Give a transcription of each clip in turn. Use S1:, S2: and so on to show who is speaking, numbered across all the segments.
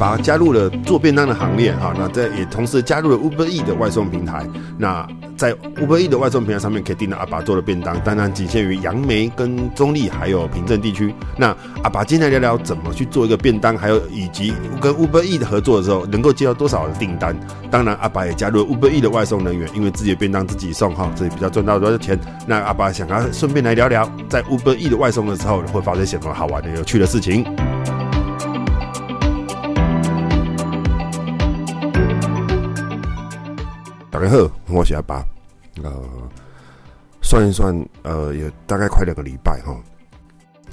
S1: 阿拔加入了做便當的行列哈，那這也同時加入了 Uber E 的外送平台。那在 Uber E 的外送平台上面可以訂到阿拔做的便當，當然僅限於楊梅跟中壢還有平鎮地區。那阿拔今天來聊聊怎麼去做一個便當，還有以及跟 Uber E 的合作的時候能夠接到多少的訂單。當然阿拔也加入了 Uber E 的外送人員，因為自己的便當自己送哈，這裡比較賺到多少錢。那阿拔想要順便來聊聊，在 Uber E 的外送的時候會發生什麼好玩的、有趣的事情。然後我是阿拔，呃算一算，呃，有大概快兩個禮拜哈，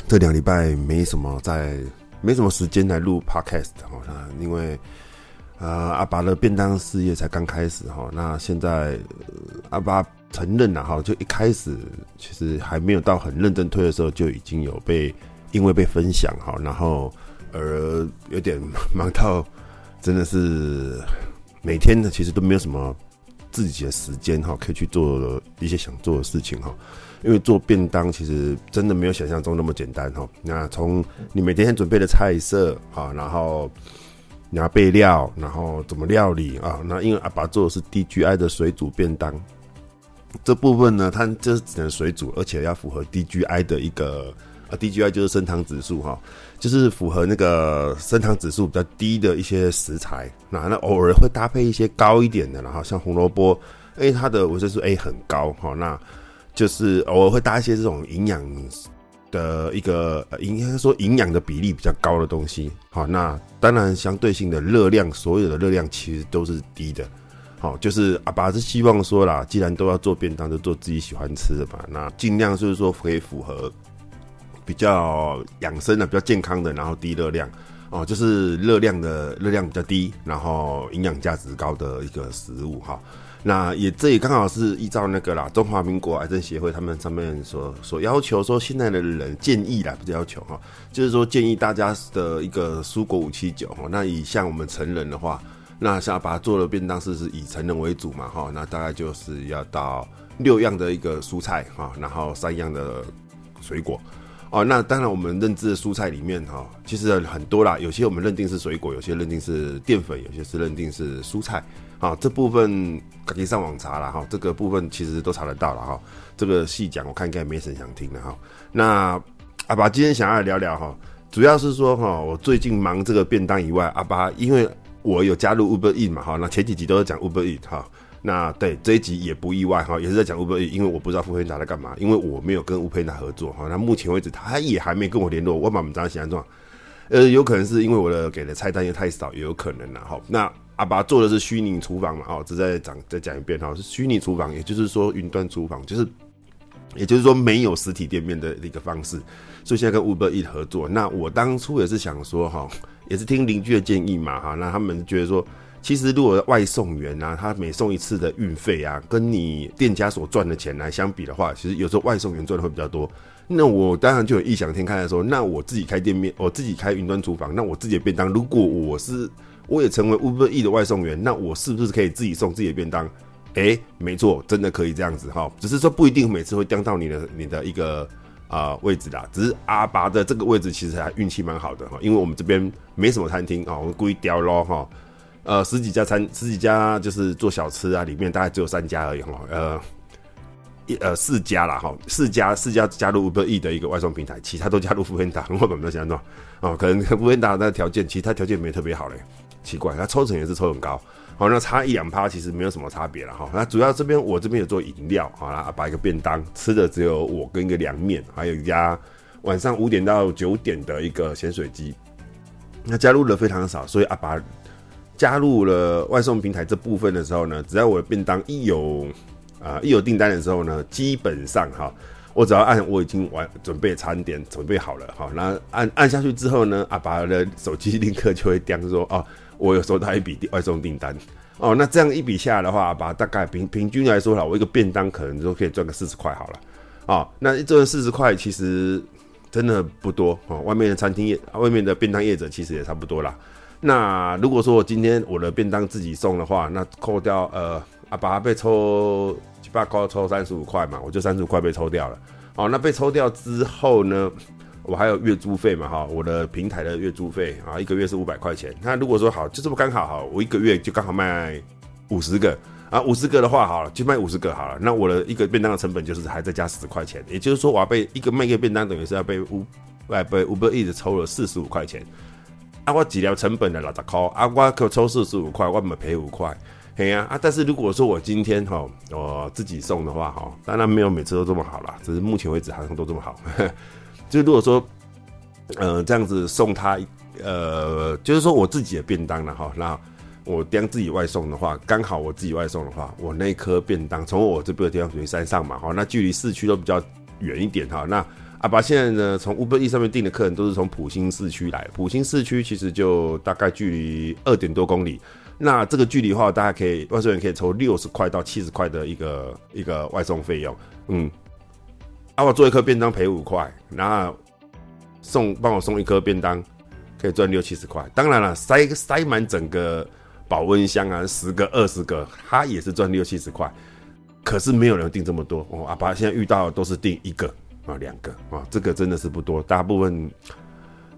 S1: 這兩禮拜沒什麼在，沒什麼時間來錄 podcast 哈，因為呃阿爸的便當事業才剛開始哈，那現在，呃，阿爸承認了哈，就一開始其實還沒有到很認真推的時候，就已經有被因為被分享哈，然後而有點忙到真的是每天呢，其實都沒有什麼。自己的時間哈，可以去做一些想做的事情哈。因為做便當其實真的沒有想象中那麼簡單哈。那從你每天先準備的菜色啊，然後你要備料，然後怎麼料理啊？那因為阿拔做的是低 GI 的水煮便當，這部分呢，它就是只能水煮，而且要符合低 GI 的一個。啊，DGI 就是升糖指數哈，就是符合那個升糖指數比較低的一些食材。那那偶爾會搭配一些高一點的了哈，然後像紅蘿蔔，因為它的維生素 A 很高哈。那就是偶爾會搭一些這種營養的一個，呃、應該說營養的比例比較高的東西。好，那當然相對性的熱量，所有的熱量其實都是低的。好，就是阿拔是希望說啦，既然都要做便當，就做自己喜歡吃的嘛。那儘量就是，是說可以符合。比較養生的、比較健康的，然後低熱量哦，就是熱量的熱量比較低，然後營養價值高的一個食物哈、哦。那也，這也剛好是依照那個啦，中華民國癌症協會他們上面所所要求說，現在的人建議啦，不是要求哈、哦，就是說建議大家的一個蔬果五七九哈、哦。那以像我們成人的話，那像阿拔做的便當是是以成人為主嘛哈、哦。那大概就是要到六樣的一個蔬菜哈、哦，然後三樣的水果。哦，那當然，我們認知的蔬菜裡面哈、哦，其實很多啦。有些我們認定是水果，有些認定是澱粉，有些是認定是蔬菜。啊、哦，這部分可以上網查了，哈、哦。這個部分其實都查得到了，哈、哦。這個細講我看應該沒什麼想聽的哈、哦。那阿拔今天想要聊聊哈，主要是說哈、哦，我最近忙這個便當以外，阿拔因為我有加入 Uber Eats 嘛哈、哦。那前幾集都是講 Uber Eats 哈、哦。那對這一集也不意外哈，也是在講 Uber Eats，因為我不知道付費拿在幹嘛，因為我沒有跟 Uber Eats 合作哈。那目前為止，他也還沒跟我聯絡。我也不知道他們現在想怎樣，呃，有可能是因為我的給的菜單也太少，也有可能了哈。那阿爸做的是虛擬廚房嘛，哦，再講再講一遍哈，是虛擬廚房，也就是說雲端廚房，就是也就是說沒有實體店面的一個方式，所以現在跟 Uber Eats 合作。那我當初也是想說哈，也是聽鄰居的建議嘛哈，那他們覺得說。其實，如果外送員吶、啊，他每送一次的運費啊，跟你店家所賺的錢來相比的話，其實有時候外送員賺的會比較多。那我當然就有異想天開的時候，那我自己開店面，我自己開雲端廚房，那我自己的便當，如果我是我也成為 Uber E 的外送員，那我是不是可以自己送自己的便當？哎、欸，沒錯，真的可以這樣子哈。只是說不一定每次會掉到你的你的一個啊、呃、位置啦。只是阿拔的這個位置其實還運氣蠻好的哈，因為我們這邊沒什麼餐廳啊，我們故意掉咯哈。呃，十幾家餐，十幾家就是做小吃啊，裡面大概只有三家而已哈、哦。呃，一呃四家啦。哈、哦，四家四家加入 Uber Eats 的一個外送平台，其他都加入 foodpanda，我們沒有想到哦，可能 foodpanda 那條件，其他條件沒特別好嘞，奇怪，那抽成也是抽很高，好、哦，那差一兩趴，其實沒有什麼差別了哈。那主要這邊我這邊有做飲料、哦、啊，阿拔一個便當吃的只有我跟一個涼麵，還有一家晚上五點到九點的一個鹹水雞，那加入的非常少，所以阿、啊、爸。加入了外送平台這部分的時候呢，只要我的便當一有啊、呃、一有訂單的時候呢，基本上哈、哦，我只要按我已經完準備餐點準備好了哈，那、哦、按按下去之後呢，阿拔的手機立刻就會叮，說哦，我有收到一筆外送訂單哦。那這樣一筆下的話，阿拔大概平平均來說啦，我一個便當可能就可以賺個四十塊好了啊、哦。那這四十塊其實真的不多啊、哦，外面的餐廳業，外面的便當業者其實也差不多啦。那如果說我今天我的便當自己送的話，那扣掉呃啊，把它被抽，把高抽三十五塊嘛，我就三十五塊被抽掉了。哦，那被抽掉之後呢，我還有月租費嘛哈、哦，我的平台的月租費啊，一個月是五百塊錢。那如果說好，就這麼剛好，好，我一個月就剛好賣五十個啊，五十個的話哈，就賣五十個好了。那我的一個便當的成本就是還再加十塊錢，也就是說我要被一個賣一個便當等於是要被五，Uber Eats 抽了四十五塊錢。啊，我治療成本的六十塊，啊，我可抽四十五塊，我咪賠五塊，係啊，啊，但是如果說我今天哈，我自己送的話哈，當然沒有每次都這麼好啦，只是目前為止好像都這麼好。呵呵就如果說，嗯、呃，這樣子送他，呃，就是說我自己的便當了哈，那我將自己外送的話，剛好我自己外送的話，我那顆便當從我這邊的地方屬於山上嘛，哈，那距離市區都比較遠一點哈，那。阿拔現在呢，從 Uber E 上面訂的客人都是從普興市區來，普興市區其實就大概距離二點多公里。那這個距離的話，大家可以外送員可以抽六十塊到七十塊的一個一個外送費用。嗯，阿、啊、我做一顆便當賠五塊，那送幫我送一顆便當可以賺六七十塊。當然了、啊，塞塞滿整個保溫箱啊，十個二十個，他也是賺六七十塊。可是沒有人訂這麼多。我、哦、阿拔現在遇到的都是訂一個。啊，兩、哦、個啊、哦，這個真的是不多。大部分，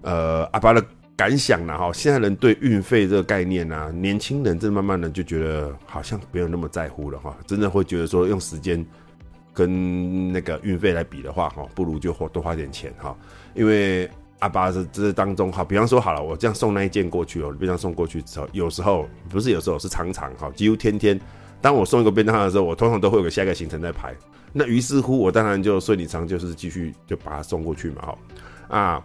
S1: 呃，阿拔的感想呢，哈、哦，現在人對運費這個概念、啊、年輕人這慢慢呢，年輕人正慢慢的就覺得好像不用那麼在乎了，哈、哦，真的會覺得說用時間跟那個運費來比的話，哈、哦，不如就花多花點錢，哈、哦，因為阿拔是這當中，哈、哦，比方說好了，我這樣送那一件過去哦，便當送過去之後，有時候不是有時候是常常哈、哦，幾乎天天，當我送一個便當的時候，我通常都會有個下一個行程在排。那於是乎，我當然就順理成章就是繼續就把他送過去嘛，哈啊，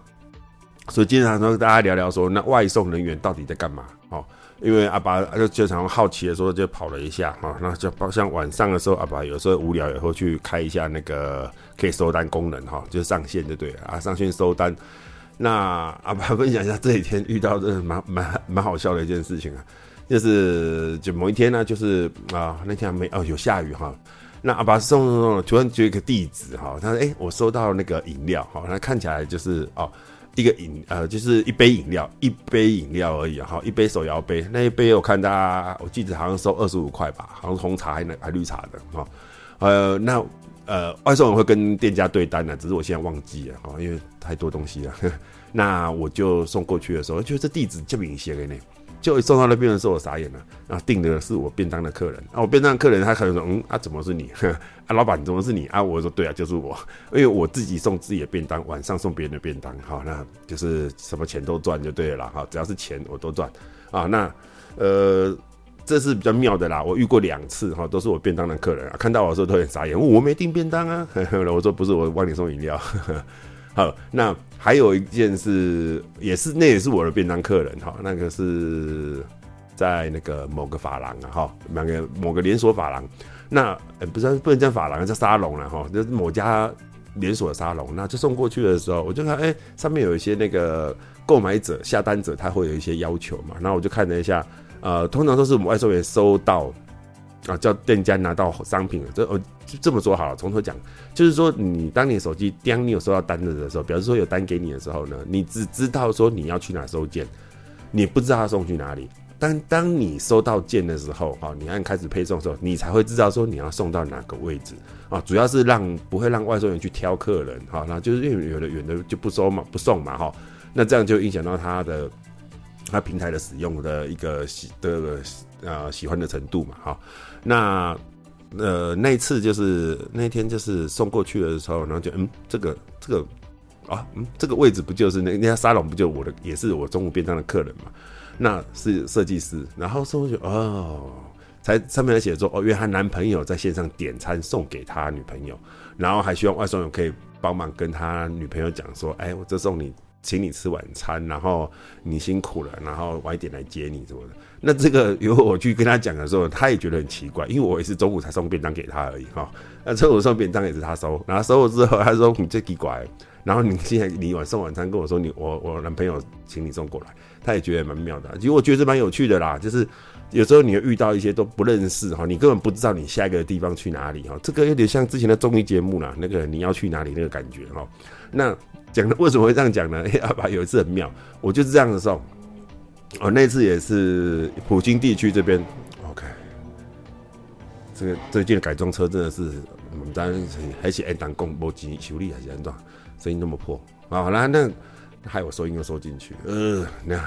S1: 所以經常都跟大家聊聊說，那外送人員到底在幹嘛？哦，因為阿拔就經常好奇的時候就跑了一下，哈、哦，那就像晚上的時候，阿拔有時候無聊以後去開一下那個可以收單功能，哈、哦，就上線就對了啊，上線收單，那阿拔分享一下這幾天遇到真的蠻蠻蠻好笑的一件事情啊，就是就某一天呢、啊，就是啊、哦、那天還沒哦有下雨哈。哦那阿爸送送送，突然就一個地址哈，他說：“哎、欸，我收到那個飲料，他看起來就是哦，一個飲呃，就是一杯飲料，一杯飲料而已哈，一杯手搖杯那一杯，我看他，我記得好像收二十五塊吧，好像是紅茶還那還綠茶的哈，呃，那呃，外送員會跟店家對單的，只是我現在忘記了哈，因為太多東西了。那我就送過去的時候，就這地址這麼明顯嘞。”就一送到那邊的時候，我傻眼了。然、啊、訂的是我便當的客人，啊，我便當的客人他可能說，嗯，啊，怎麼是你？啊，老闆，怎麼是你？啊，我說對啊，就是我，因為我自己送自己的便當，晚上送別人的便當，哈、哦，那就是什麼錢都賺就對了，哈、哦，只要是錢我都賺，啊，那呃，這是比較妙的啦，我遇過兩次，哈、哦，都是我便當的客人，啊、看到我說都很傻眼，哦、我沒訂便當啊呵呵，我說不是，我幫你送飲料。呵呵好，那還有一件事，也是那也是我的便當客人哈，那個是在那個某個髮廊啊哈，某個某個連鎖髮廊，那、欸、不是不能叫髮廊，叫沙龍了哈，就是某家連鎖沙龍，那就送過去的時候，我就看，哎、欸，上面有一些那個購買者下單者，他會有一些要求嘛，然後我就看了一下，呃、通常都是我們外送員收到。啊，叫店家拿到商品了，這哦這，這麼說好了，從頭講，就是說，你當你手機叮，你有收到單子的時候，比方說有單給你的時候呢，你只知道說你要去哪收件，你不知道他送去哪裡。但當你收到件的時候，哦，你按開始配送的時候，你才會知道說你要送到哪個位置啊、哦。主要是讓不會讓外送員去挑客人，哈、哦，那就是因為有的遠的就不收嘛，不送嘛，哈、哦，那這樣就影響到他的他平台的使用的一個喜的呃喜歡的程度嘛，哈、哦。那，呃，那一次就是那天，就是送過去的時候，然後就嗯，這個這個啊，嗯，這個位置不就是那那家沙龍不就我的也是我中午邊上的客人嘛？那是設計師，然後送就哦，才上面還寫說哦，因為他男朋友在線上點餐送給他女朋友，然後還希望外送員可以幫忙跟他女朋友講說，哎、欸，我這送你，請你吃晚餐，然後你辛苦了，然後晚一點來接你什麼的。那這個有我去跟他講的時候，他也覺得很奇怪，因為我也是中午才送便當給他而已哈。那中午送便當也是他收，然後收了之後，他說你這奇怪，然後你現在你晚送晚餐跟我說你我我男朋友請你送過來，他也覺得蠻妙的。其實我覺得是蠻有趣的啦，就是有時候你會遇到一些都不認識哈，你根本不知道你下一個地方去哪裡哈。這個有點像之前的綜藝節目啦。那個你要去哪裡那個感覺哈。那講的為什麼會這樣講呢？欸，阿拔有一次很妙，我就是這樣子送。哦，那次也是普京地區這邊，OK。這個最近的改裝車真的是，我們當然還寫愛黨共不機修理，還是安裝聲音那麼破，好啦、哦，那，那害我收音又收進去，嗯，那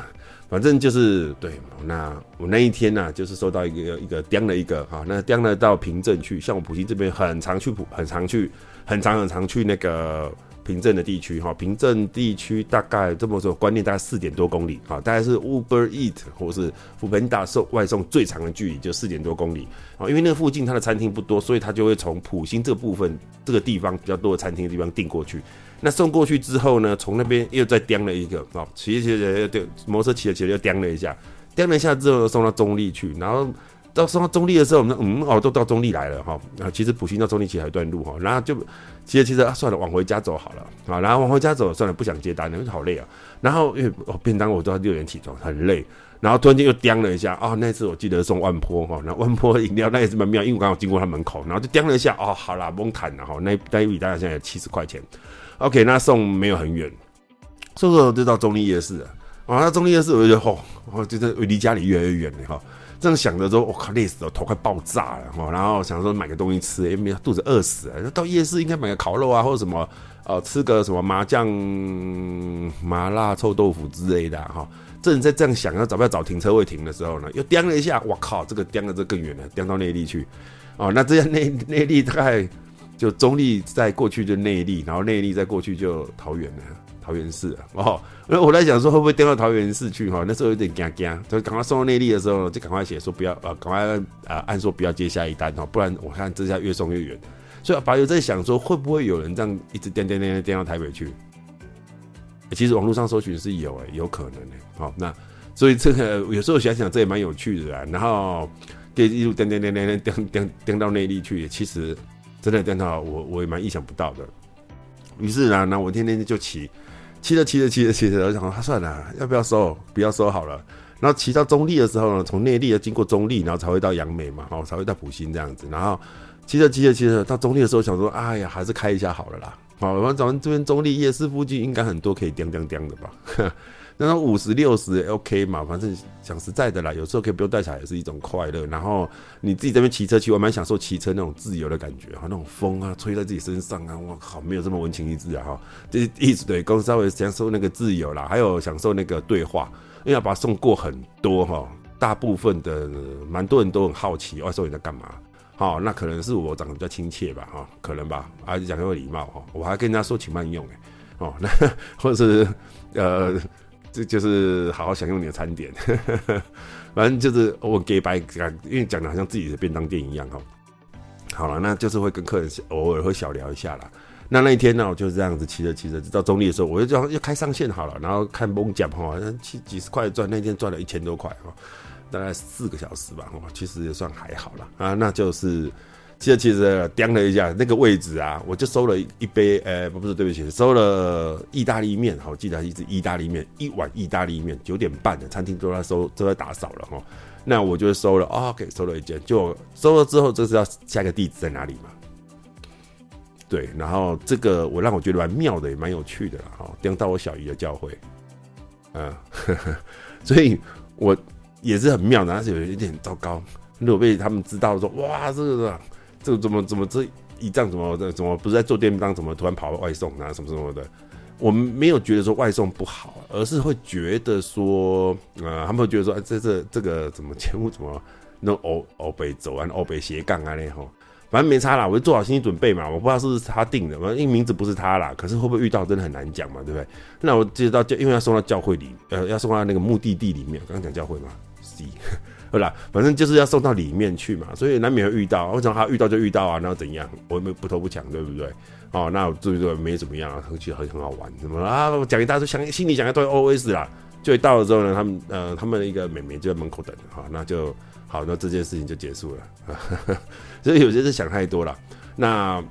S1: 反正就是對。那我那一天呢、啊，就是收到一個一個釘了一個哈、哦，那釘了到平鎮去，像我普京這邊很常去普，很常去，很常很常去那個。平鎮的地區哈，平鎮地區大概這麼說，觀念大概四點多公里啊，大概是 Uber Eat 或是 Foodpanda 送外送最長的距離就四點多公里啊，因為那附近它的餐廳不多，所以他就會從埔心這個部分這個地方比較多的餐廳的地方訂過去。那送過去之後呢，從那邊又再叮了一個啊，騎騎騎騎，摩托車騎着騎着又叮了一下，叮了一下之後送到中壢去，然後。到送到中壢的時候，我們就嗯哦都到中壢來了哈，啊、哦、其實普興到中壢其實還有一段路哈、哦，然後就其實其實算了，往回家走好了，啊、哦，然後往回家走算了，不想接單了，好累啊、哦，然後因為、哦、便當我都要六點起床，很累，然後突然間又叮了一下啊、哦，那次我記得送萬波哈，那、哦、萬波飲料那也是蠻妙，因為我剛好經過他門口，然後就叮了一下哦，好啦蒙坦了，不用談了哈，那那一大單現在有七十塊錢，OK 那送沒有很遠，送了就到中壢夜市了，啊、哦、那中壢夜市我就嚯、哦，我就離家裡越來越遠了哈。哦這樣想着說，我、哦、靠，累死了，頭快爆炸了哈、哦。然後想說買個東西吃，因、欸、為肚子餓死了。到夜市應該買個烤肉啊，或者什麼呃，吃個什麼麻醬、麻辣臭豆腐之類的哈、哦。正在這樣想，要找不要找停車位停的時候呢，又顛了一下，我靠，這個顛的這更遠了，顛到內壢去。哦，那這樣內內壢大概就中壢，再過去就內壢，然後內壢再過去就桃園了。桃園市哦，我我在想說會不會顛到桃園市去哈？那時候有點驚驚，就趕快送到內壢的時候，就趕快寫說不要啊，趕、呃、快啊，按說不要接下一單哈，不然我看這下越送越遠。所以法友在想說會不會有人這樣一直顛顛顛顛顛到台北去？欸、其實網絡上搜尋是有哎，有可能的。好、哦，那所以這個有時候想想這也蠻有趣的啊。然後這一路顛顛顛顛顛顛顛到內壢去，其實真的顛到我我也蠻意想不到的。於是呢、啊，那我天天就騎。騎着騎着騎着騎着，我想說，說、啊、算了，要不要收？不要收好了。然後騎到中壢的時候呢，從內壢要經過中壢，然後才會到楊梅嘛，哦，才會到埔心這樣子。然後騎着騎着騎着，到中壢的時候我想說，哎呀，還是開一下好了啦。好，反正咱們這邊中壢夜市附近應該很多可以釘釘釘的吧。 那五十六十 OK 嘛，反正講實在的啦，有時候可以不用帶小孩也是一種快樂。然後你自己這邊騎車去，我還蠻享受騎車那種自由的感覺、啊、那種風啊吹在自己身上啊，我靠，沒有這麼文情逸致啊哈、哦，這意思對，公司稍微享受那個自由啦，還有享受那個對話，因為要把它送過很多哈、哦，大部分的蠻多人都很好奇外、哦、送人在幹嘛，好、哦，那可能是我長得比較親切吧哈、哦，可能吧，而、啊、且講究禮貌哈、哦，我還跟人家說請慢用誒哦，那或者是呃。就是好好享用你的餐點，呵呵反正就是偶爾、哦、白講因為講的好像自己的便當店一樣哦。好了，那就是會跟客人偶爾會小聊一下啦。那那一天呢，我就是這樣子騎着騎着，直到中壢的時候，我就要就要，就要開上線好了，然後看蒙獎哈，七、哦、幾十塊賺，那一天賺了一千多塊哈、哦，大概四個小時吧，哦、其實也算還好了啊，那就是。其實其實掂了一下那個位置啊，我就收了一杯，呃、欸、不不是對不起，收了意大利麵，好，記得一直意大利麵，一碗意大利面九點半的餐廳都在收都在打掃了哈，那我就收了，哦，k、OK，收了一件就收了之後這是要下個地址在哪裡嘛，對，然後這個我讓我覺得蠻妙的，也蠻有趣的了哈，掂到我小姨的教會，嗯呵呵，所以我也是很妙的，但是有一點糟糕，如果被他們知道說，哇，這個。這個怎麼怎麼這一仗怎麼這怎，怎麼不是在做電商，怎麼突然跑外送啊什麼什麼的？我們沒有覺得說外送不好，而是會覺得說，呃，他們會覺得說，哎、這這這個怎麼節目怎麼那歐歐北走啊，歐北斜槓啊那吼，反正沒差啦，我就做好心理準備嘛。我不知道是不是他定的，因為名字不是他啦。可是會不會遇到，真的很難講嘛，對不對？那我接到教，因為要送到教會裡，呃，要送到那個目的地裡面。剛剛講教會嘛 C 好啦，反正就是要送到裡面去嘛，所以難免會遇到。啊、為什麼他遇到就遇到啊？那怎樣？我也不偷不搶，對不對？哦，那最多沒怎麼樣啊，回去很很好玩。怎麼我、啊、講一大堆，想心裡想一堆 OS 啦。就一到了之後呢，他們呃，他們一個美眉就在門口等哈、哦，那就好，那這件事情就結束了。呵呵所以有些事想太多了。那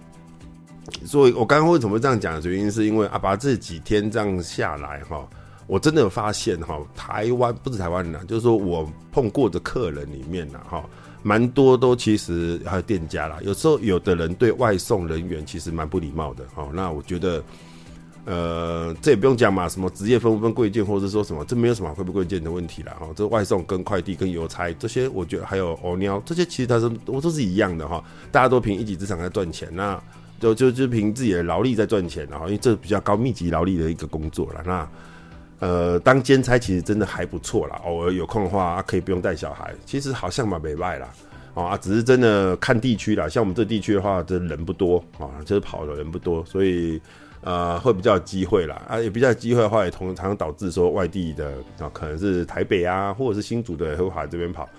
S1: 所以，我剛剛為什麼這樣講？原因是因為阿拔這幾天這樣下來哈。哦我真的有發現哈，台灣不是台灣人，就是說我碰過的客人裡面呢，哈，蠻多都其實還有店家啦。有時候有的人對外送人員其實蠻不禮貌的，那我覺得，呃，這也不用講嘛，什麼職業分不分貴賤，或者說什麼，這沒有什麼貴不貴賤的問題啦。哦，這外送跟快遞跟郵差這些，我覺得還有 O 牛這些其，其實它是都是一樣的哈，大家都憑一己之長在賺錢，那就就就憑自己的勞力在賺錢，然後因為這是比較高密集勞力的一個工作了，那。呃，當兼差其實真的還不錯啦，偶爾有空的話、啊、可以不用帶小孩。其實好像嘛，沒賣啦。啊，只是真的看地區啦。像我們這地區的話，這、就是、人不多啊、哦，就是跑的人不多，所以啊、呃，會比較有機會啦。啊，也比較有機會的話，也同常常導致說外地的啊，可能是台北啊，或者是新竹的會跑來這邊跑。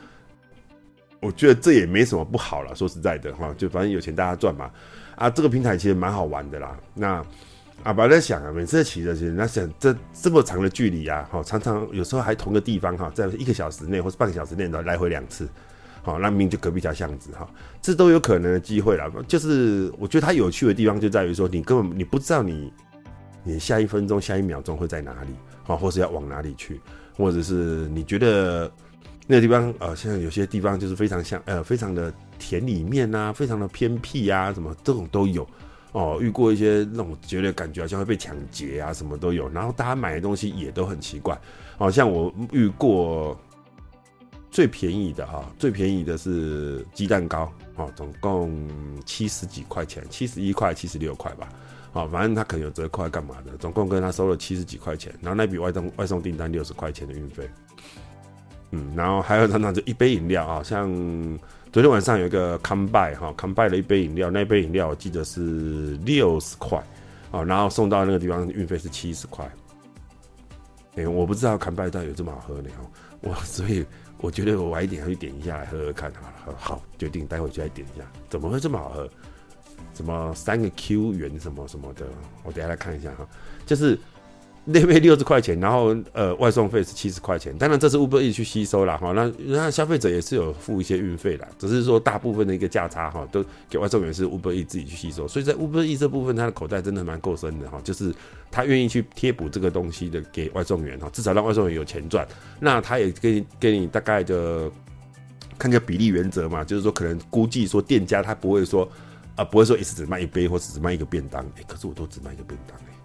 S1: 我覺得這也沒什麼不好了。說實在的哈、哦，就反正有錢大家賺嘛。啊，這個平台其實蠻好玩的啦。那。阿拔、啊、在想啊，每次騎着去，那想這這麼長的距離啊，好，常常有時候還同個地方哈，在一個小時內或者半個小時內，的來回兩次，好，那明明就隔壁條巷子哈，這都有可能的機會啦，就是我覺得它有趣的地方就在於說，你根本你不知道你你下一分鐘、下一秒鐘會在哪裡啊，或是要往哪裡去，或者是你覺得那個地方啊、呃，像有些地方就是非常像呃，非常的田裡面啊，非常的偏僻啊，什麼這種都有。哦，遇過一些那種，覺得感覺好像會被搶劫啊，什麼都有。然後大家買的東西也都很奇怪。好、哦、像我遇過最便宜的哈、哦，最便宜的是雞蛋糕，哦，總共七十幾塊錢，七十一塊、七十六塊吧。哦，反正他可能有折扣、幹嘛的，總共跟他收了七十幾塊錢。然後那筆外送外送訂單六十塊錢的運費，嗯，然後還有他那一杯飲料啊、哦，像。昨天晚上有一個 COMEBUY 哈，COMEBUY 了一杯飲料，那一杯飲料我記得是六十塊啊，然後送到那個地方運費是七十塊。誒、欸，我不知道 COMEBUY 到底有這麼好喝的哦，我所以我覺得我晚一點會去點一下來喝喝看，好好，好決定，待會就來點一下。怎麼會這麼好喝？什麼三個 Q 元什麼什麼的，我等一下來看一下哈，就是。那杯六十塊錢，然後呃，外送費是七十塊錢。當然這是 Uber E 去吸收了哈，那那消費者也是有付一些運費的，只是說大部分的一個價差哈，都給外送員是 Uber E 自己去吸收。所以在 Uber E 這部分，他的口袋真的蠻夠深的哈，就是他願意去貼補這個東西的給外送員哈，至少讓外送員有錢賺。那他也給給你大概的，看個比例原則嘛，就是說可能估計說店家他不會說啊、呃，不會說一次只賣一杯或只賣一個便當、欸，可是我都只賣一個便當、欸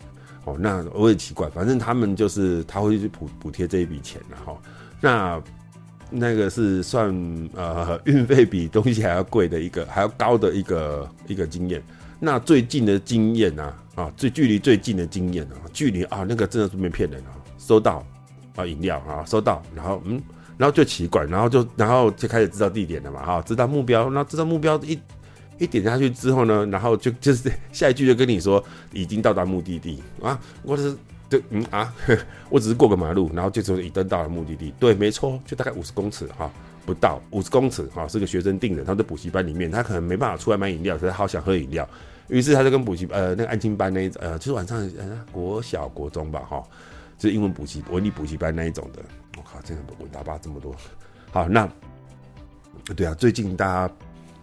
S1: 哦，那我也奇怪，反正他們就是他會去補補貼這一筆錢，然後，哦，那那個是算呃運費比東西還要貴的一個還要高的一個一個經驗。那最近的經驗呢？啊，啊，最距離最近的經驗啊，距離啊那個真的是沒騙人啊，收到啊飲料啊收到，然後嗯，然後就奇怪，然後就然後就開始知道地點了嘛，哈，哦，知道目標，那知道目標一。一點下去之後呢，然後就就是下一句就跟你說已經到達目的地啊，我只、就是對嗯啊， 我只是過個馬路，然後就說已經到了目的地。對，沒錯，就大概五十公尺哈、哦，不到五十公尺哈、哦，是個學生訂的，他在補習班裡面，他可能沒辦法出來買飲料，覺得好想喝飲料，於是他就跟補習呃那個安親班那一種呃，就是晚上、呃、國小國中吧哈、哦，就是英文補習、文理補習班那一種的。我、哦、靠，真的我打吧，這麼多，好那對啊，最近大家。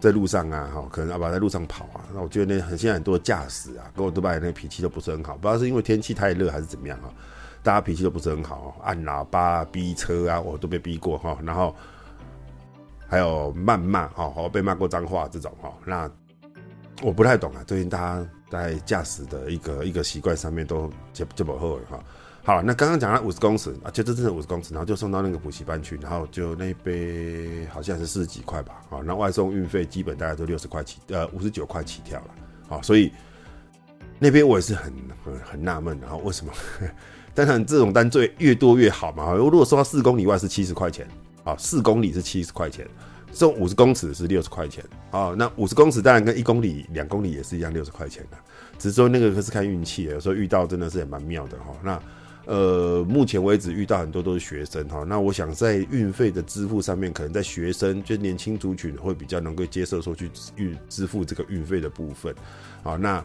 S1: 在路上啊，哈，可能阿拔在路上跑啊，那我覺得那很現在很多駕駛啊，跟我都發現那脾氣都不是很好，不知道是因為天氣太熱還是怎麼樣啊。大家脾氣都不是很好，啊，按喇，啊，叭，啊，逼車啊，我都被逼過哈，啊，然後還有謾罵哈，被罵過髒話這種哈，啊，那我不太懂啊，最近大家在駕駛的一個一個習慣上面都接接駁後尾哈。好，那剛剛講了五十公尺啊，就真的五十公尺，然後就送到那個補習班去，然後就那一杯好像是四十幾塊吧，好，那外送運費基本大概都六十塊起，呃，五十九塊起跳了，好，所以那邊我也是很很很納悶，然後為什麼？ 當然這種單最越多越好嘛，如果送到四公里外是七十塊錢，啊，四公里是七十塊錢，送五十公尺是六十塊錢，啊，那五十公尺當然跟一公里、兩公里也是一樣六十塊錢的，只是說那個可是看運氣，有時候遇到真的是也蠻妙的哈，那。呃，目前為止遇到很多都是學生哈，那我想在運費的支付上面，可能在學生就是、年輕族群會比較能夠接受說去運支付這個運費的部分，好，那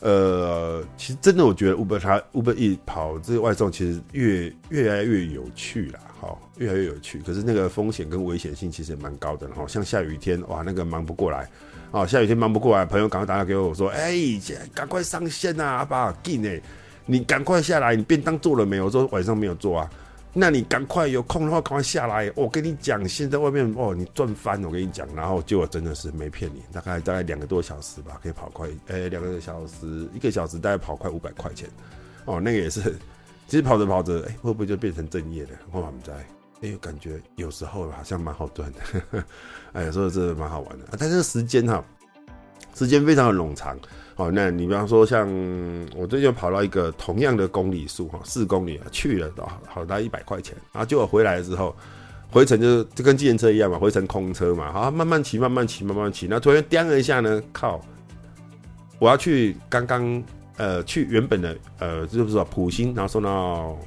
S1: 呃，其實真的我覺得它 Uber 它 Uber 一跑這個外送其實越越來越有趣了，哈，越來越有趣，可是那個風險跟危險性其實也蠻高的，哈，像下雨天哇那個忙不過來，啊，下雨天忙不過來，朋友趕快打電話給我說，哎、欸，趕快上線吶、啊，阿爸，爸，緊誒。你趕快下來，你便當做了沒有？我說晚上沒有做啊，那你趕快有空的話，趕快下來。我跟你講，現在外面哦、喔，你賺翻，我跟你講。然後結果真的是沒騙你，大概大概兩個多小時吧，可以跑快，呃、欸，兩個小時，一個小時大概跑快五百塊錢。哦、喔，那個也是，其實跑着跑着，哎、欸，會不會就變成正業了？我不、欸、我們在，哎，感覺有時候好像蠻好賺的，哎、欸，所以真的蠻好玩的。啊、但是時間哈，時間非常的冗長。好，那你比方說像我最近跑到一個同樣的公里數哈，四公里啊，去了都好，大概一百塊錢，然後就我回來了之後，回程就就跟計程車一樣嘛，回程空車嘛，好，慢慢騎，慢慢騎，慢慢騎，然後突然顛了一下呢，靠，我要去剛剛呃去原本的呃就是說埔心，然後送到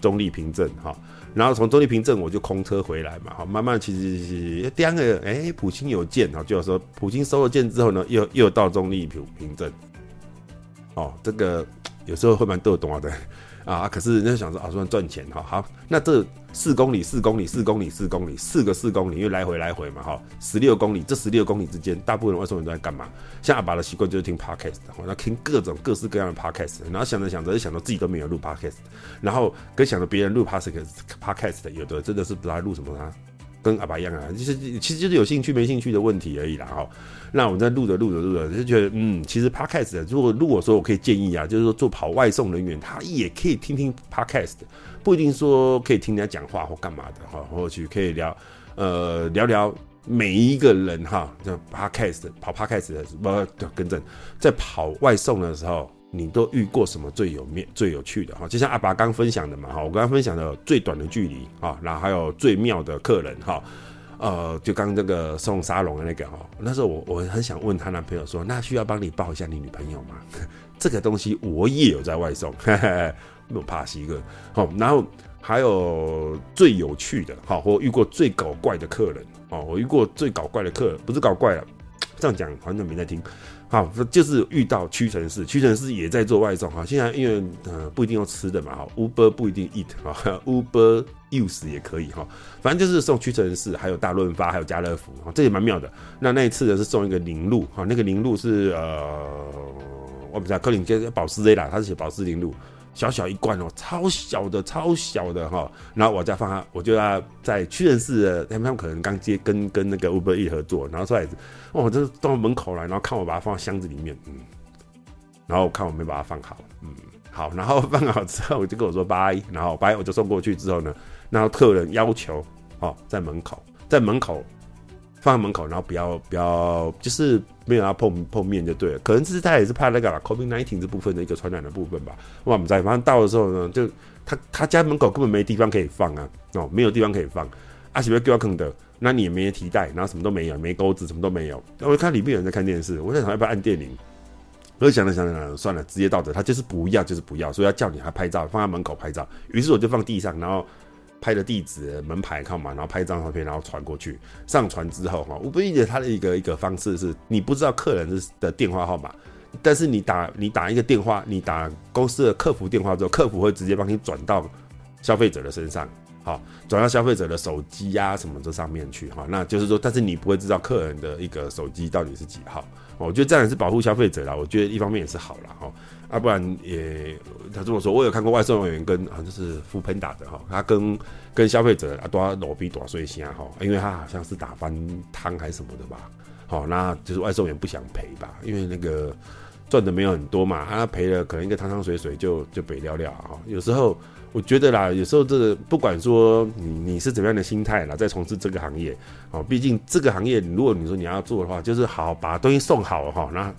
S1: 中壢平鎮哈。然後從中壢平鎮我就空車回來嘛，好，慢慢騎騎騎騎騎，第二個，哎，普京有件，哈，就是說普京收了件之後呢，又又到中壢平平鎮，哦，這個有時候會蠻逗懂啊的。啊！可是人家想說啊，算賺錢哈、哦。好，那這四公里、四公里、四公里、四公里、四個四公里，因為來回來回嘛哈。哦、十六公里，這十六公里之間，大部分人外送人都在幹嘛？像阿爸的習慣就是聽 podcast，、哦、然後聽各種各式各樣的 podcast，然後想着想着就想到自己都沒有錄 podcast，然後跟想着別人錄 podcast，podcast 的，有的真的是不知道錄什麼啊。跟阿拔一樣啊，就是其實就是有興趣沒興趣的問題而已啦哈。那我們在錄着錄着錄着，就覺得嗯，其實 podcast 如果如果說我可以建議啊，就是說做跑外送人員，他也可以聽聽 podcast，不一定說可以聽人家講話或幹嘛的哈，或許可以聊呃聊聊每一個人哈，叫 podcast 跑 podcast 的時候不更正，在跑外送的時候。你都遇過什麼最有面最有趣的哈？就像阿拔剛分享的嘛哈，我剛剛分享的最短的距離啊，然後還有最妙的客人哈，呃，就剛這個送沙龍的那個哈，那時候我我很想問他男朋友說，那需要幫你抱一下你女朋友嗎？ 這個東西我也有在外送，哈哈，不怕死個好，然後還有最有趣的哈，我遇過最搞怪的客人啊，我遇過最搞怪的客人，不是搞怪了。這樣講，反正沒在聽。好，就是遇到屈臣氏，屈臣氏也在做外送哈。現在因為、呃、不一定用吃的嘛，哈，Uber 不一定 Eat、哦、Uber Use 也可以哈、哦。反正就是送屈臣氏，還有大潤發，還有家樂福，哈、哦，這也蠻妙的。那那一次呢是送一個凝露哈，那個凝露是呃，我不知道科林杰保濕啦，他是寫保濕凝露。小小一罐哦，超小的，超小的哈。然後我再放它，我就要在屈臣氏的他們可能剛接跟跟那個 Uber E 合作。然後出來，哦，這是到門口來，然後看我把它放到箱子裡面，嗯。然後我看我沒把它放好，嗯，好。然後放好之後，我就跟我說拜。然後拜，我就送過去之後呢，然後客人要求哦，在門口，在門口。放在門口，然後不要不要，就是沒有要碰碰面就對了。可能是他也是怕那個啦，COVID-19 這部分的一個傳染的部分吧。我們不知道，反正到的時候呢，就他他家門口根本沒地方可以放啊，哦，沒有地方可以放。阿什麼吊坑的，那你也沒提袋，然後什麼都沒有，沒鈎子，什麼都沒有。那我看裡面有人在看電視，我在想要不要按電鈴。我就想了想了算了，直接到的。他就是不要，就是不要，所以要叫你還拍照，放在門口拍照。於是我就放地上，然後。拍的地址門牌號碼，然後拍一張照片，然後傳過去。上傳之後哈、哦，我不理解他的一個一個方式是，你不知道客人的電話號碼，但是你打你打一個電話，你打公司的客服電話之後，客服會直接幫你轉到消費者的身上，好、哦，轉到消費者的手機呀、啊、什麼這上面去哈、哦。那就是說，但是你不會知道客人的一個手機到底是幾號。哦、我覺得這樣也是保護消費者啦，我覺得一方面也是好啦。哈、哦。啊，不然也他這麼說，我有看過外送人員跟啊，就是 foodpanda 的哈，他跟跟消費者啊多羅皮多碎些哈，因為他好像是打翻湯還是什麼的吧，好，那就是外送人員不想賠吧，因為那個賺的沒有很多嘛，啊賠了可能一個湯湯水水就就北了了啊，有時候我覺得啦，有時候這個不管說你你是怎麼樣的心態啦，在從事這個行業啊，畢竟這個行業如果你說你要做的話，就是好把東西送好哈，那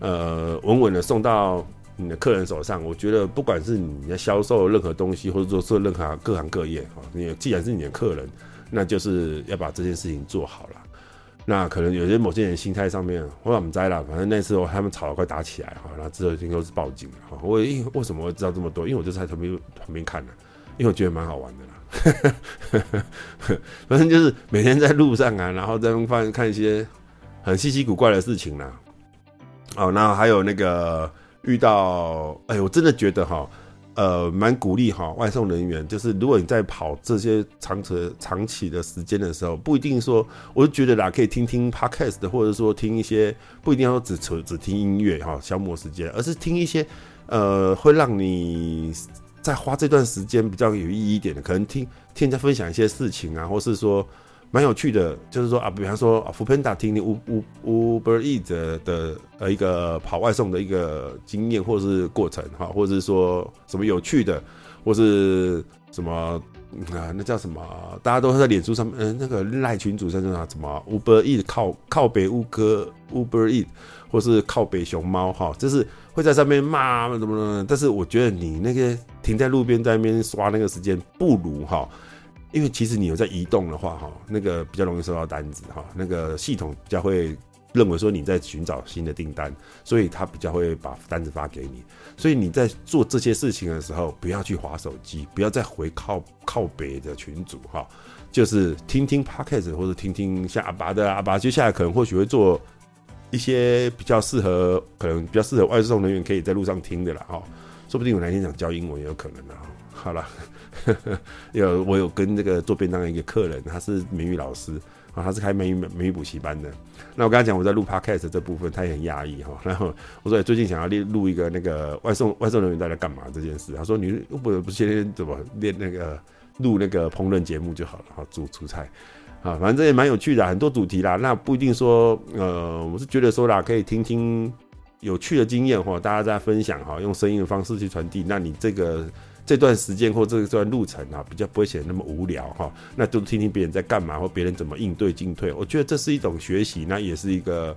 S1: 呃穩穩的送到，你的客人手上，我覺得不管是你在銷售任何東西，或者說做任何各行各業啊，你既然是你的客人，那就是要把這件事情做好了。那可能有些某些人心態上面，我們摘了，反正那次我他們吵得快打起來哈，然後之後就都是報警了哈。我為什麼會知道這麼多？因為我就在旁邊旁邊看呢、啊，因為我覺得蠻好玩的啦。反 正就是每天在路上啊，然後在看一些很稀奇古怪的事情啦、啊。哦，那還有那個。遇到哎、欸、我真的覺得哈，呃，蠻鼓勵哈，外送人員就是，如果你在跑這些長時、長期的時間的時候，不一定說，我就覺得啦，可以聽聽 Podcast，或者說聽一些，不一定要只只只聽音樂哈，消磨時間，而是聽一些，呃，會讓你在花這段時間比較有意義一點的，可能聽聽人家分享一些事情啊，或是說。蠻有趣的，就是說啊，比方說啊，福貧打聽你烏烏 Uber Eats 的呃一個跑外送的一個經驗或是過程哈、哦，或者是說什麼有趣的，或是什麼、嗯、啊，那叫什麼？大家都在臉書上面，嗯、呃，那個賴群組在那啊，什麼 Uber Eats 靠靠北烏哥 Uber Eats 或是靠北熊貓哈，這、哦就是會在上面罵怎麼怎麼，但是我覺得你那個停在路邊在那邊刷那個時間不如哈。哦因為其實你有在移動的話，哈，那個比較容易收到單子，哈，那個系統比較會認為說你在尋找新的訂單，所以它比較會把單子發給你。所以你在做這些事情的時候，不要去劃手機，不要再回靠靠北的群組，哈，就是聽聽 p o c k e t 或者聽聽下阿爸的阿爸，接下來可能或許會做一些比較適合，可能比較適合外送人員可以在路上聽的了，哈，說不定我那天想教英文也有可能、啊、好啦。哈，好了。呵 有我有跟那個做便當一個客人，他是美語老師，啊、哦，他是開美語美語補習班的。那我跟他講我在錄 Podcast 這部分，他也很訝異哈。然後我說、欸、最近想要錄一個那個外送外送人員在那幹嘛這件事，他說你不不是天天怎麼練那個錄、那個、那個烹飪節目就好了，啊、哦，煮煮菜，啊、哦，反正這也蠻有趣的，很多主題啦。那不一定說，呃，我是覺得說啦，可以聽聽有趣的經驗哈、哦，大家在分享哈、哦，用聲音的方式去傳遞，那你這個。這段時間或這一段路程啊，比較不會顯得那麼無聊哈、哦，那就聽聽別人在幹嘛或別人怎麼應對進退，我覺得這是一種學習，那也是一個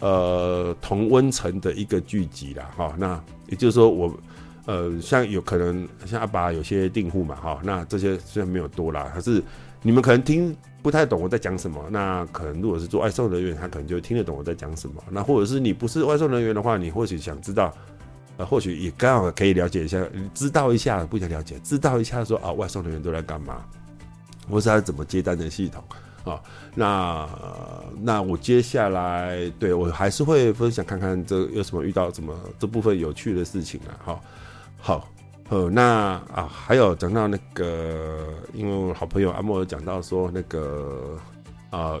S1: 呃同溫層的一個聚集了哈、哦。那也就是說我呃像有可能像阿爸有些訂戶嘛哈、哦，那這些雖然沒有多啦，可是你們可能聽不太懂我在講什麼，那可能如果是做外送人員，他可能就聽得懂我在講什麼，那或者是你不是外送人員的話，你或許想知道。呃、或許也剛好可以了解一下，知道一下，不想了解，知道一下說，說、哦、啊，外送人員都在幹嘛，或是他怎麼接單的系統好、哦，那、呃、那我接下來，對我還是會分享看看這，這有什麼遇到什麼這部分有趣的事情啊？好、哦，好，呃，那啊、哦，還有講到那個，因為我好朋友阿莫有講到說，那個、呃那個、啊，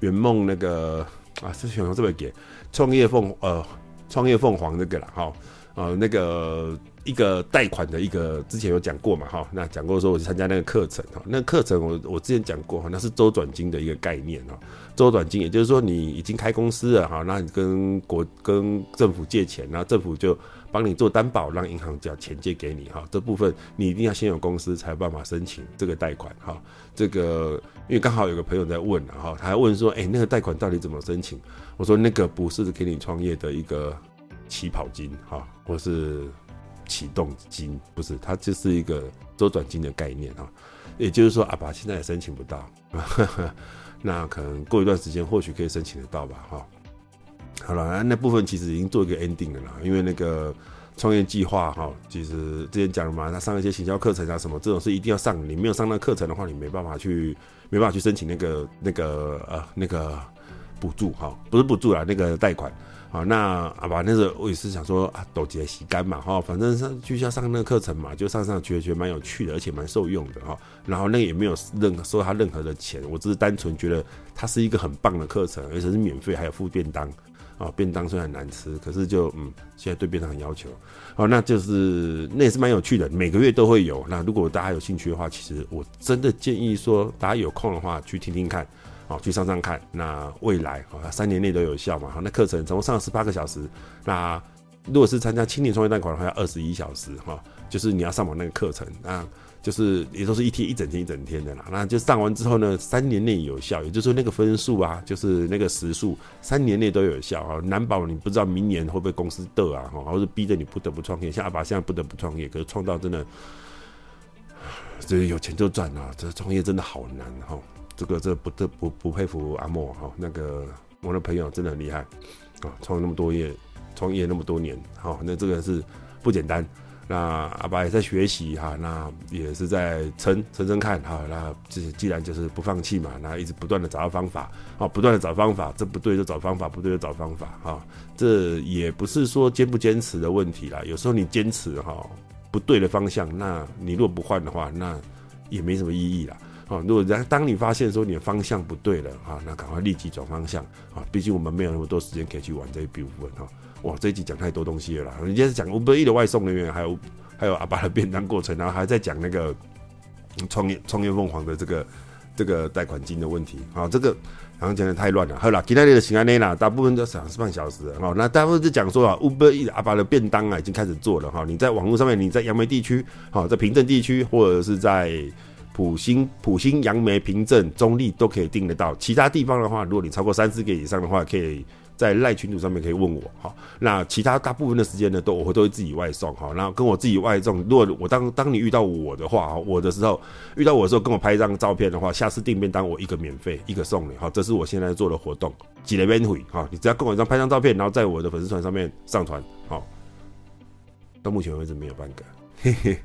S1: 圓圓夢那個啊，是選擇這麼一點，創業鳳呃。創業鳳凰那個啦哈，呃，那個一個貸款的一個，之前有講過嘛哈，那講過說我去參加那個課程哈，那課程我我之前講過哈，那是週轉金的一個概念哈，週轉金也就是說你已經開公司了哈，那你跟國跟政府借錢，那政府就。幫你做擔保，讓銀行將錢借給你哈。這部分你一定要先有公司才有辦法申請這個貸款哈。這個因為剛好有個朋友在問哈，他還問說，哎，那個貸款到底怎麼申請？我說那個不是給你創業的一個起跑金哈，或是啟動金，不是，它就是一個周轉金的概念哈。也就是說，阿拔現在也申請不到呵呵，那可能過一段時間或許可以申請得到吧哈。好了，那部分其實已經做一個 ending 了啦。因為那個創業計劃哈，其實之前講了嘛，他上一些行銷課程啊什麼，這種是一定要上。你沒有上那個課程的話，你沒辦法去，沒辦法去申請那個那個呃那個補助哈，不是補助啦，那個貸款。好，那好吧、啊，那時候我也是想說，抖幾下洗幹嘛哈？反正上就像上那個課程嘛，就上上覺得覺得蠻有趣的，而且蠻受用的哈。然後那也沒有任何收他任何的錢，我只是單純覺得他是一個很棒的課程，而且是免費，還有付便當。啊，便當雖然很難吃，可是就嗯，現在對便當很要求。哦，那就是那也是蠻有趣的，每個月都會有。那如果大家有興趣的話，其實我真的建議說，大家有空的話去聽聽看，哦，去上上看。那未來啊，三年內都有效嘛。那課程總共上了十八個小時，那如果是參加青年創業貸款的話，要二十一小時哈，就是你要上完那個課程就是也都是一天一整天一整天的啦，那就上完之後呢，三年內有效，也就是說那個分數啊，就是那個時數，三年內都有效啊，難保你不知道明年會不會公司嘚啊，哈，或是逼得你不得不創業，像阿爸現在不得不創業，可是創到真的，這、就是、有錢就賺啊，這個創業真的好難哈，這個不這個、不不不佩服阿莫哈，那個我的朋友真的很厲害啊，創了那麼多業，創業那麼多年，好，那這個是不簡單。那阿爸也在學習哈，那也是在撐撐撐看哈，那就是既然就是不放棄嘛，那一直不斷的找到方法啊，不斷的找方法，這不對就找方法，不對就找方法哈，這也不是說堅不堅持的問題啦。有時候你堅持哈不對的方向，那你如果不換的話，那也沒什麼意義啦。啊。如果然當你發現說你的方向不對了哈，那趕快立即轉方向啊，畢竟我們沒有那麼多時間可以去玩這一部分哈。哇，這一集講太多東西了啦！人家是講 Uber Eats 的外送人員，還有還有阿爸的便當過程，然後還在講那個創業創業鳳凰的這個這個貸款金的問題。好，這個好像講的太亂了。好啦，其他的其他內啦大部分都三小時半小時。好，那大部分是講說啊，Uber Eats 的阿爸的便當啊，已經開始做了哈。你在網絡上面，你在楊梅地區，好，在平鎮地區，或者是在普興普興楊梅平鎮中壢都可以訂得到。其他地方的話，如果你超過三四個以上的話，可以。在賴群組上面可以問我哈，那其他大部分的時間呢，都我會都會自己外送哈。然後跟我自己外送，如果我當當你遇到我的話哈，我的時候遇到我的時候，跟我拍一張照片的話，下次訂便當我一個免費，一個送你哈。這是我現在做的活動，幾來邊回哈？你只要跟我一張拍張照片，然後在我的粉絲團上面上傳好。到目前為止沒有半個，嘿嘿，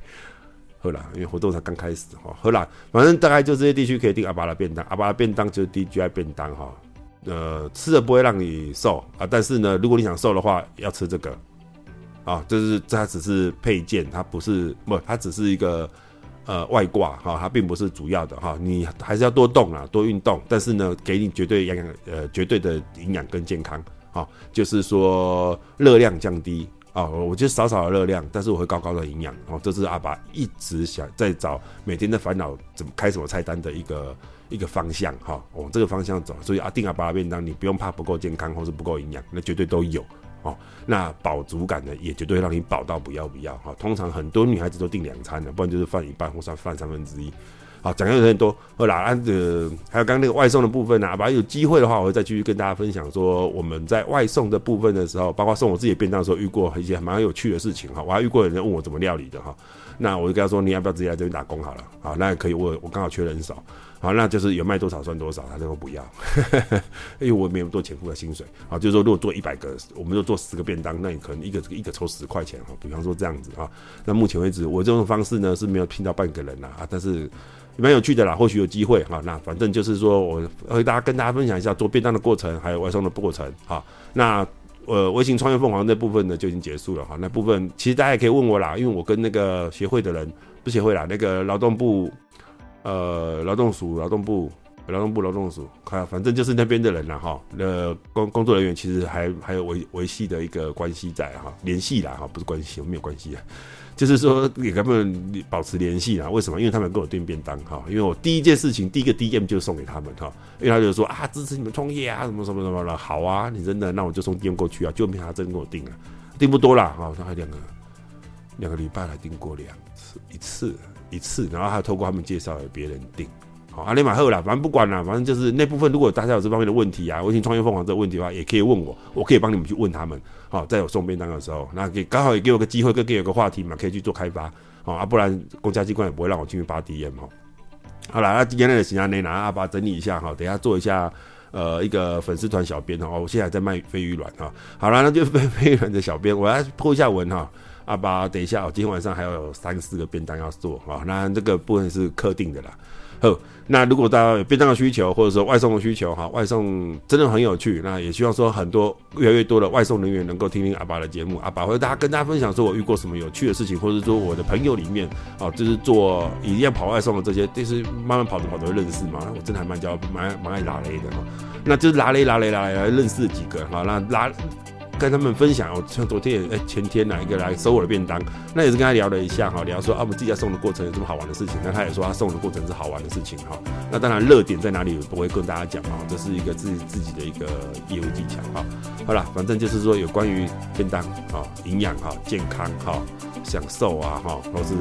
S1: 好啦，因為活動才剛開始哈。好啦，反正大概就這些地區可以訂阿拔的便當，阿拔的便當就是 DJ 便當哈。呃，吃了不會讓你瘦啊，但是呢，如果你想瘦的話，要吃這個啊，就是它只是配件，它不是不，它只是一個呃外掛哈、啊，它並不是主要的哈、啊，你還是要多動啊，多運動，但是呢，給你絕對營養，呃，絕對的營養跟健康啊，就是說熱量降低啊，我就少少的熱量，但是我會高高的營養哦，這是阿拔一直想在找每天的煩惱怎麼開什麼菜單的一個。一個方向哈，往、哦、這個方向走，所以啊訂、阿拔便當，你不用怕不夠健康或是不夠營養，那絕對都有哦。那飽足感呢，也絕對讓你飽到不要不要哈、哦。通常很多女孩子都訂兩餐的，不然就是飯一半或算飯三分之一。好、哦，講的很多，呃，了、啊，呃，還有剛剛那個外送的部分呢、啊，阿拔有機會的話，我會再繼續跟大家分享說我們在外送的部分的時候，包括送我自己的便當的時候，遇過一些蠻有趣的事情哈、哦。我還遇過有人問我怎麼料理的哈、哦，那我就跟他說你要不要直接來這邊打工好了，好、哦，那也可以，我我剛好缺人手。好，那就是有賣多少算多少，他就不要呵呵。因為我沒有多錢付的薪水。好，就是說，如果做一百個，我們就做十個便當，那你可能一個一個抽十塊錢哈。比方說這樣子哈，那目前為止我這種方式呢是沒有聘到半個人啦啊，但是蠻有趣的啦，或許有機會哈。那反正就是說我和大家跟大家分享一下做便當的過程，還有外送的過程哈，那呃，微型創業鳳凰這部分呢就已經結束了哈。那部分其實大家也可以問我啦，因為我跟那個協會的人不協會啦，那個勞動部。呃，勞動署、勞動部、勞動部、勞動署，看、啊，反正就是那邊的人了、啊、哈。呃，工工作人員其實還還有維維繫的一個關係在哈，聯繫了哈，不是關係，我沒有關係啊，就是說給他們保持聯繫啦，為什麼？因為他們跟我訂便當哈，因為我第一件事情，第一個 DM 就送給他們哈，因為他就說啊，支持你們創業啊，什麼什麼什麼的，好啊，你真的，那我就送 DM 過去啊，就沒他真給我訂了，訂不多了哈，大概兩個兩個禮拜還訂過兩次，一次。一次，然後還透過他們介紹給別人訂，哦、好阿力馬赫了，反正不管了，反正就是那部分。如果有大家有這方面的問題啊，微型創業鳳凰這個問題的話，也可以問我，我可以幫你們去問他們。好、哦，在我送便當的時候，那給剛好也給我個機會，更給我個話題嘛，可以去做開發。好、哦，啊、不然公家機關也不會讓我進去發 D M、哦。好啦，那今天的時下內容阿拔整理一下哈、哦，等一下做一下呃一個粉絲團小編哈、哦。我現在還在賣飛魚卵、哦、好了，那就飛飛魚卵的小編，我要 PO 一下文哈。哦阿拔，等一下我今天晚上還有三四個便當要做啊，那這個部分是客訂的啦。呵，那如果大家有便當的需求，或者說外送的需求哈，外送真的很有趣。那也希望說很多越來越多的外送人員能夠聽聽阿拔的節目，阿拔會大家跟大家分享說我遇過什麼有趣的事情，或者是說我的朋友裡面啊，就是做一定要跑外送的這些，就是慢慢跑着跑着會認識嘛。我真的還蠻交蠻蠻愛拉雷的哦，那就是拉雷拉雷拉雷，認識幾個好，那拉。跟他們分享，我、哦、像昨天哎、欸、前天哪一個來收我的便當，那也是跟他聊了一下哈，聊說啊我們自己家送的過程有這麼好玩的事情，那他也說他送的過程是好玩的事情哈、哦。那當然熱點在哪裡我不會跟大家講啊、哦，這是一個自己自己的一個業務技巧啊、哦。好了，反正就是說有關於便當啊，營養哈，健康哈。哦享受啊，哈，或是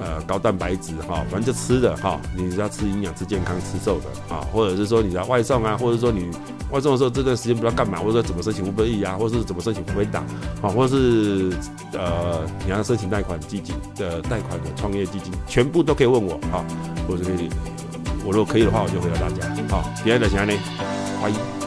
S1: 呃高蛋白質哈，反正就吃的哈，你要吃營養、吃健康、吃瘦的啊，或者是說你要外送啊，或者說你外送的時候這段時間不知道幹嘛，或者說怎麼申請五百億啊，或者是怎麼申請回檔啊，或者是呃你要申請貸款基金的貸款的創業基金，全部都可以問我啊，我可以，我如果可以的話，我就回答大家好，親愛的想要呢，歡迎。